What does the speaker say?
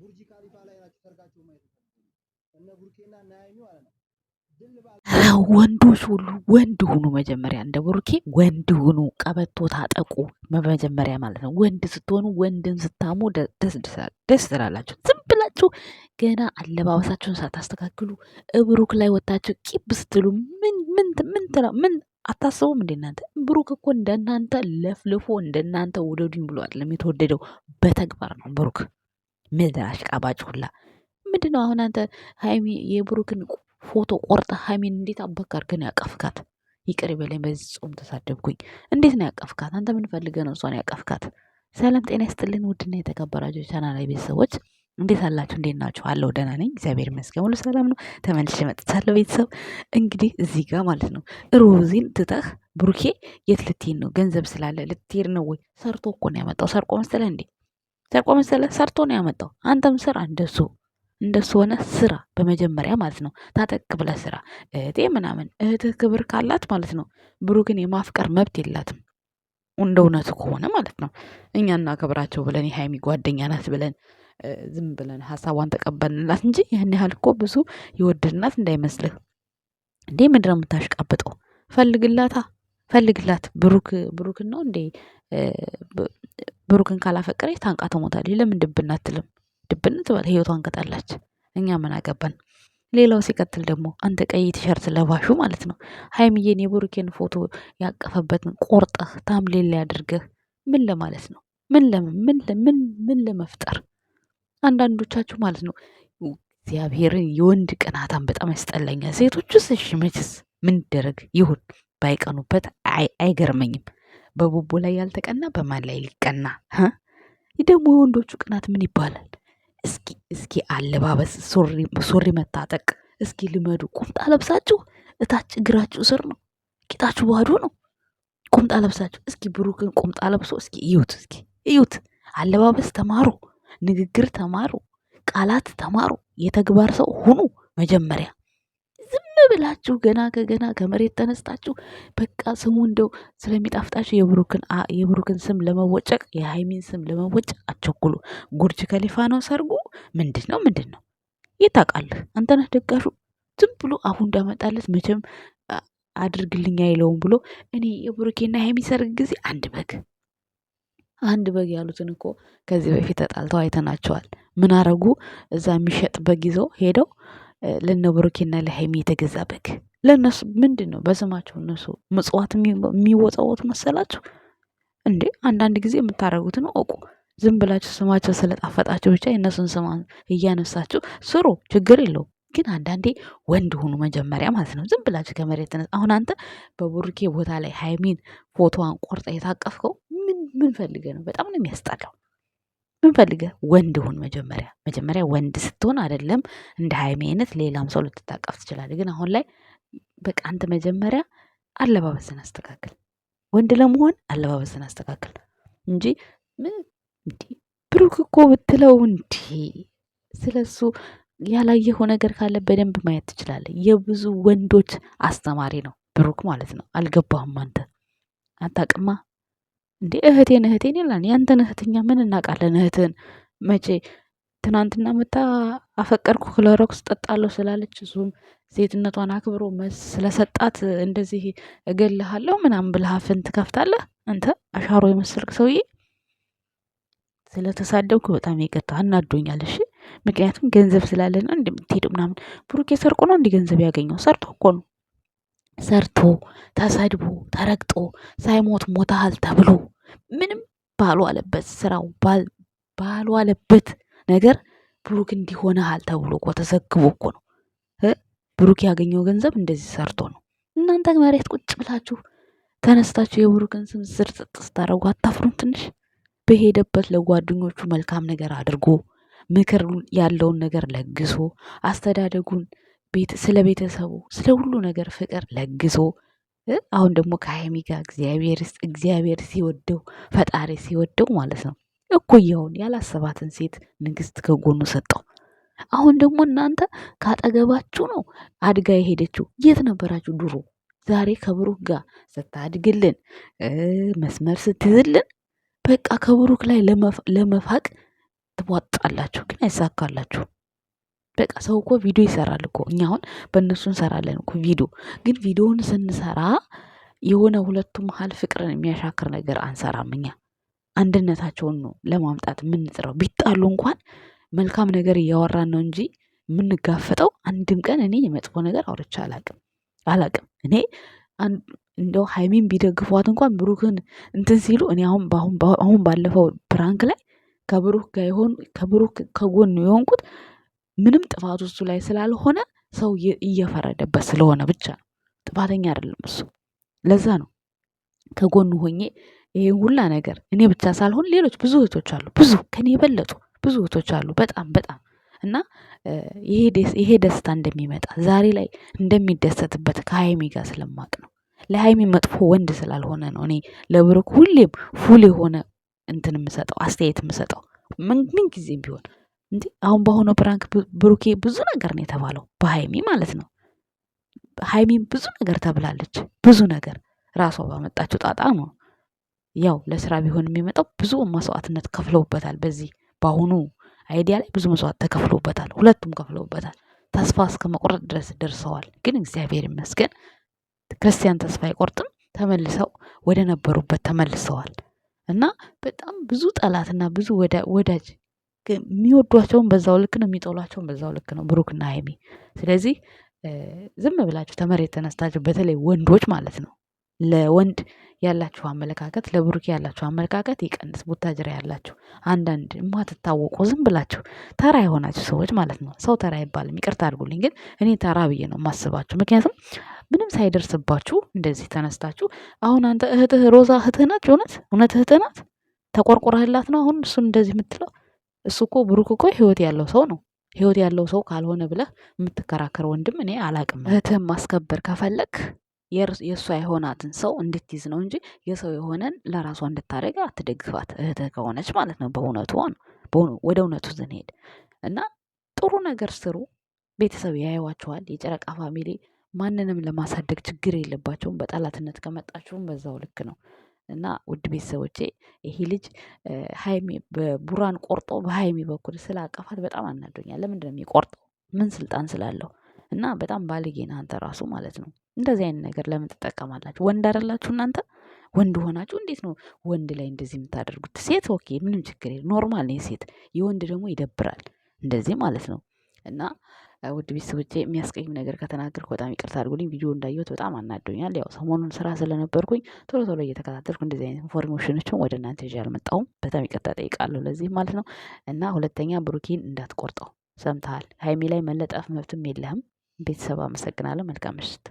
ቡርጅ ካሊፋ ላይ ናቸው ሰርጋቸው ማየት እነ ቡርኬና እነ ሀይሚ ማለት ነው። ወንዶች ሁሉ ወንድ ሁኑ መጀመሪያ፣ እንደ ቡርኬ ወንድ ሁኑ፣ ቀበቶ ታጠቁ መጀመሪያ ማለት ነው። ወንድ ስትሆኑ ወንድን ስታሙ ደስ ትላላችሁ። ዝም ብላችሁ ገና አለባበሳችሁን ሳታስተካክሉ እብሩክ ላይ ወታችሁ ቂብ ስትሉ ምን ምን ምን ምን አታስቡም እንደ እናንተ ብሩክ እኮ እንደናንተ ለፍልፎ እንደናንተ ውደዱኝ ብሎ አይደለም የተወደደው፣ በተግባር ነው ብሩክ ምድር አሽቃባጭ ሁላ ምንድነው? አሁን አንተ ሀይሚ የብሩክን ፎቶ ቆርጠ ሀይሚን እንዴት አባክ ግን ያቀፍካት? ይቅር በለኝ፣ በዚህ ጾም ተሳደብኩኝ። እንዴት ነው ያቀፍካት? አንተ ምን ነው እሷን ያቀፍካት? ሰላም ጤና ይስጥልን ውድና የተከበራችሁ ላይ ቤተሰቦች እንዴት አላችሁ? እንዴት ናችሁ? አለው ደህና ነኝ፣ እግዚአብሔር ይመስገን፣ ሁሉ ሰላም ነው። ተመልሼ መጥቻለሁ ቤተሰብ። እንግዲህ እዚህ ጋር ማለት ነው ሮዚን ትተህ ብሩኬ የት ልትሄድ ነው? ገንዘብ ስላለ ልትሄድ ነው ወይ? ሰርቶ እኮ ነው ያመጣው። ሰርቆ መሰለህ እንዴ? ተቆመ ስለ ሰርቶ ነው ያመጣው። አንተም ስራ እንደሱ እንደሱ ሆነ ስራ በመጀመሪያ ማለት ነው። ታጠቅ ብለ ስራ እህቴ ምናምን እህትህ ክብር ካላት ማለት ነው። ብሩክን የማፍቀር መብት የላትም እንደ እውነቱ ከሆነ ማለት ነው። እኛ እናከብራቸው ብለን የሀይሚ ጓደኛ ናት ብለን ዝም ብለን ሀሳቧን ተቀበልንላት እንጂ ይህን ያህል እኮ ብዙ ይወደድናት እንዳይመስልህ። እንዴ ምድረ የምታሽቃብጠው ፈልግላታ ፈልግላት ብሩክ ብሩክን ነው እንዴ ብሩክን ካላፈቀረች ታንቃ ትሞታለች። ለምን ድብን አትልም? ድብን ትበል፣ ህይወቷን እኛ ምን አገባን? ሌላው ሲቀጥል ደግሞ አንተ ቀይ ቲሸርት ለባሹ ማለት ነው ሀይምዬን የብሩኬን ፎቶ ያቀፈበትን ቆርጠህ ታምሌል ላይ አድርገህ ምን ለማለት ነው? ምን ለምን ምን ምን ለመፍጠር አንዳንዶቻችሁ ማለት ነው እግዚአብሔርን የወንድ ቅናታን በጣም ያስጠላኛል። ሴቶቹስ እሺ መችስ ምን ይደረግ ይሁን ባይቀኑበት አይገርመኝም። በቡቡ ላይ ያልተቀና በማን ላይ ሊቀና? ደግሞ የወንዶቹ ቅናት ምን ይባላል? እስኪ እስኪ አለባበስ፣ ሱሪ መታጠቅ እስኪ ልመዱ። ቁምጣ ለብሳችሁ እታች እግራችሁ ስር ነው፣ ጌጣችሁ ባዶ ነው። ቁምጣ ለብሳችሁ እስኪ ብሩክን ቁምጣ ለብሶ እስኪ እዩት፣ እስኪ እዩት። አለባበስ ተማሩ፣ ንግግር ተማሩ፣ ቃላት ተማሩ፣ የተግባር ሰው ሁኑ መጀመሪያ። ብላችሁ ገና ከገና ከመሬት ተነስታችሁ በቃ ስሙ እንደው ስለሚጣፍጣችሁ የብሩክን የብሩክን ስም ለመወጨቅ የሃይሚን ስም ለመወጨቅ አቸኩሉ። ጉርጅ ከሊፋ ነው ሰርጉ። ምንድን ነው ምንድን ነው ይታቃልህ? አንተነህ ደጋሹ ዝም ብሎ አሁን እንዳመጣለት መቼም አድርግልኝ አይለውም ብሎ እኔ የብሩኬና ሃይሚ ሰርግ ጊዜ አንድ በግ አንድ በግ ያሉትን እኮ ከዚህ በፊት ተጣልተው አይተናቸዋል። ምን አረጉ? እዛ የሚሸጥ በግ ይዘው ሄደው ለነ ብሩኬና ለሃይሚ የተገዛ በግ ለእነሱ ምንድን ነው በስማቸው እነሱ ምጽዋት የሚወጣወት መሰላችሁ እንዴ? አንዳንድ ጊዜ የምታደርጉትን እወቁ። ዝም ብላችሁ ስማቸው ስለጣፈጣቸው ብቻ የእነሱን ስማ እያነሳችሁ ስሩ፣ ችግር የለው ግን አንዳንዴ ወንድ ሆኑ መጀመሪያ ማለት ነው። ዝም ብላችሁ ከመሬት ተነስ። አሁን አንተ በብሩኬ ቦታ ላይ ሀይሚን ፎቶዋን ቆርጠ የታቀፍከው ምን ምን ፈልገ ነው? በጣም ነው የሚያስጠላው። ምን ወንድ ሁን መጀመሪያ መጀመሪያ ወንድ ስትሆን አይደለም እንደ ሀይሜ አይነት ሌላም ሰው ልትታቀፍ ትችላለህ። ግን አሁን ላይ በቃ አንተ መጀመሪያ አለባበስን አስተካክል። ወንድ ለመሆን አለባበስን አስተካክል እንጂ እንዲ ብሩክ እኮ ብትለው እንዲ ስለሱ ያላየኸው ነገር ካለ በደንብ ማየት ትችላለህ። የብዙ ወንዶች አስተማሪ ነው ብሩክ ማለት ነው። አልገባህም አንተ አታቅማ። እንዴ እህቴን እህቴን ይላል። ያንተን እህትኛ ምን እናውቃለን? እህትን መቼ ትናንትና መታ አፈቀርኩ ክሎሮክስ ጠጣለሁ ስላለች እሱም ሴትነቷን አክብሮ ስለሰጣት እንደዚህ እገልሃለሁ ምናምን ብለህ አፍን ትከፍታለህ። አንተ አሻሮ የመሰልክ ሰውዬ ስለተሳደብኩ በጣም ይቅርታ፣ አናዶኛል። እሺ ምክንያቱም ገንዘብ ስላለ ነው እንደምትሄድ ምናምን። ብሩኬ ሰርቆ ነው እንዲህ ገንዘብ ያገኘው ሰርቶ እኮ ነው ሰርቶ ተሰድቦ ተረግጦ ሳይሞት ሞታሃል ተብሎ ምንም ባልዋለበት ስራው ባልዋለበት ነገር ብሩክ እንዲሆነሃል ተብሎ እኮ ተዘግቦ እኮ ነው። ብሩክ ያገኘው ገንዘብ እንደዚህ ሰርቶ ነው። እናንተ መሬት ቁጭ ብላችሁ ተነስታችሁ የብሩክን ስም ዝርጥጥ ስታደርጉ አታፍሩም? ትንሽ በሄደበት ለጓደኞቹ መልካም ነገር አድርጎ ምክር ያለውን ነገር ለግሶ አስተዳደጉን ስለ ቤተሰቡ ስለ ሁሉ ነገር ፍቅር ለግሶ አሁን ደግሞ ከሀይሚ ጋር እግዚአብሔር እግዚአብሔር ሲወደው ፈጣሪ ሲወደው ማለት ነው እኩያውን ያላሰባትን ሴት ንግስት ከጎኑ ሰጠው። አሁን ደግሞ እናንተ ካጠገባችሁ ነው አድጋ የሄደችው። የት ነበራችሁ ድሮ? ዛሬ ከብሩክ ጋር ስታድግልን መስመር ስትይዝልን በቃ ከብሩክ ላይ ለመፋቅ ትቧጣላችሁ፣ ግን አይሳካላችሁ። በቃ ሰው እኮ ቪዲዮ ይሰራል እኮ እኛ አሁን በእነሱ እንሰራለን እኮ ቪዲዮ። ግን ቪዲዮውን ስንሰራ የሆነ ሁለቱ መሀል ፍቅርን የሚያሻክር ነገር አንሰራም። እኛ አንድነታቸውን ነው ለማምጣት የምንጥረው። ቢጣሉ እንኳን መልካም ነገር እያወራን ነው እንጂ የምንጋፈጠው። አንድም ቀን እኔ የመጥፎ ነገር አውርቼ አላቅም አላቅም። እኔ እንደው ሀይሚን ቢደግፏት እንኳን ብሩክን እንትን ሲሉ እኔ አሁን አሁን ባለፈው ፕራንክ ላይ ከብሩክ ጋር ከብሩክ ከጎን የሆንኩት ምንም ጥፋቱ እሱ ላይ ስላልሆነ ሰው እየፈረደበት ስለሆነ ብቻ ነው። ጥፋተኛ አይደለም እሱ። ለዛ ነው ከጎኑ ሆኜ ይሄን ሁላ ነገር እኔ ብቻ ሳልሆን ሌሎች ብዙ እህቶች አሉ፣ ብዙ ከኔ የበለጡ ብዙ እህቶች አሉ። በጣም በጣም እና ይሄ ደስታ እንደሚመጣ ዛሬ ላይ እንደሚደሰትበት ከሀይሚ ጋር ስለማቅ ነው። ለሀይሚ መጥፎ ወንድ ስላልሆነ ነው እኔ ለብሩክ ሁሌም ፉል የሆነ እንትን የምሰጠው አስተያየት የምሰጠው ምን ጊዜም ቢሆን እንዴ አሁን በሆነው ፕራንክ ብሩኬ ብዙ ነገር ነው የተባለው በሀይሚ ማለት ነው። ሀይሚም ብዙ ነገር ተብላለች። ብዙ ነገር ራሷ ባመጣችው ጣጣ ነው። ያው ለስራ ቢሆን የሚመጣው ብዙ መስዋዕትነት ከፍለውበታል። በዚህ በአሁኑ አይዲያ ላይ ብዙ መስዋዕት ተከፍለውበታል። ሁለቱም ከፍለውበታል። ተስፋ እስከ መቁረጥ ድረስ ደርሰዋል። ግን እግዚአብሔር ይመስገን ክርስቲያን ተስፋ አይቆርጥም። ተመልሰው ወደ ነበሩበት ተመልሰዋል እና በጣም ብዙ ጠላትና ብዙ ወዳጅ የሚወዷቸውን በዛው ልክ ነው የሚጠሏቸውን በዛው ልክ ነው ብሩክና ሀይሚ። ስለዚህ ዝም ብላችሁ ተመሬት ተነስታችሁ በተለይ ወንዶች ማለት ነው ለወንድ ያላችሁ አመለካከት ለብሩክ ያላችሁ አመለካከት ይቀንስ። ቡታጅራ ያላችሁ አንዳንድ የማትታወቁ ዝም ብላችሁ ተራ የሆናችሁ ሰዎች ማለት ነው። ሰው ተራ አይባልም፣ ይቅርታ አድርጉልኝ፣ ግን እኔ ተራ ብዬ ነው የማስባችሁ። ምክንያቱም ምንም ሳይደርስባችሁ እንደዚህ ተነስታችሁ አሁን አንተ እህትህ ሮዛ እህትህ ናት፣ እውነት እውነት እህትህ ናት፣ ተቆርቆረህላት ነው አሁን እሱን እንደዚህ የምትለው እሱ እኮ ብሩክ እኮ ህይወት ያለው ሰው ነው። ህይወት ያለው ሰው ካልሆነ ብለህ የምትከራከር ወንድም እኔ አላቅም። እህትህን ማስከበር ከፈለግ የእሷ የሆናትን ሰው እንድትይዝ ነው እንጂ የሰው የሆነን ለራሷ እንድታደርግ አትደግፋት። እህትህ ከሆነች ማለት ነው። በእውነቱ ወደ እውነቱ ዝንሄድ እና ጥሩ ነገር ስሩ። ቤተሰብ ያየዋችኋል። የጨረቃ ፋሚሊ ማንንም ለማሳደግ ችግር የለባቸውም። በጠላትነት ከመጣችሁም በዛው ልክ ነው። እና ውድ ቤተሰቦቼ ይሄ ልጅ ሀይሚ በቡራን ቆርጦ በሀይሚ በኩል ስላቀፋት በጣም አናዶኛል። ለምንድን ነው የሚቆርጠው? ምን ስልጣን ስላለው? እና በጣም ባልጌ ነህ አንተ ራሱ ማለት ነው። እንደዚህ አይነት ነገር ለምን ትጠቀማላችሁ? ወንድ አይደላችሁ እናንተ? ወንድ ሆናችሁ እንዴት ነው ወንድ ላይ እንደዚህ የምታደርጉት? ሴት ኦኬ፣ ምንም ችግር የለም ኖርማል ነው ሴት የወንድ ደግሞ ይደብራል እንደዚህ ማለት ነው እና ውድ ቤተሰቦቼ የሚያስቀይም ነገር ከተናገርኩ በጣም ይቅርታ አድርጉልኝ። ቪዲዮ እንዳየሁት በጣም አናዶኛል። ያው ሰሞኑን ስራ ስለነበርኩኝ ቶሎ ቶሎ እየተከታተልኩ እንደዚህ አይነት ኢንፎርሜሽኖችን ወደ እናንተ ይዤ አልመጣሁም። በጣም ይቅርታ ጠይቃለሁ ለዚህ ማለት ነው። እና ሁለተኛ ብሩኪን እንዳትቆርጠው ሰምተሃል። ሀይሜ ላይ መለጠፍ መብትም የለህም። ቤተሰብ አመሰግናለሁ። መልካም ምሽት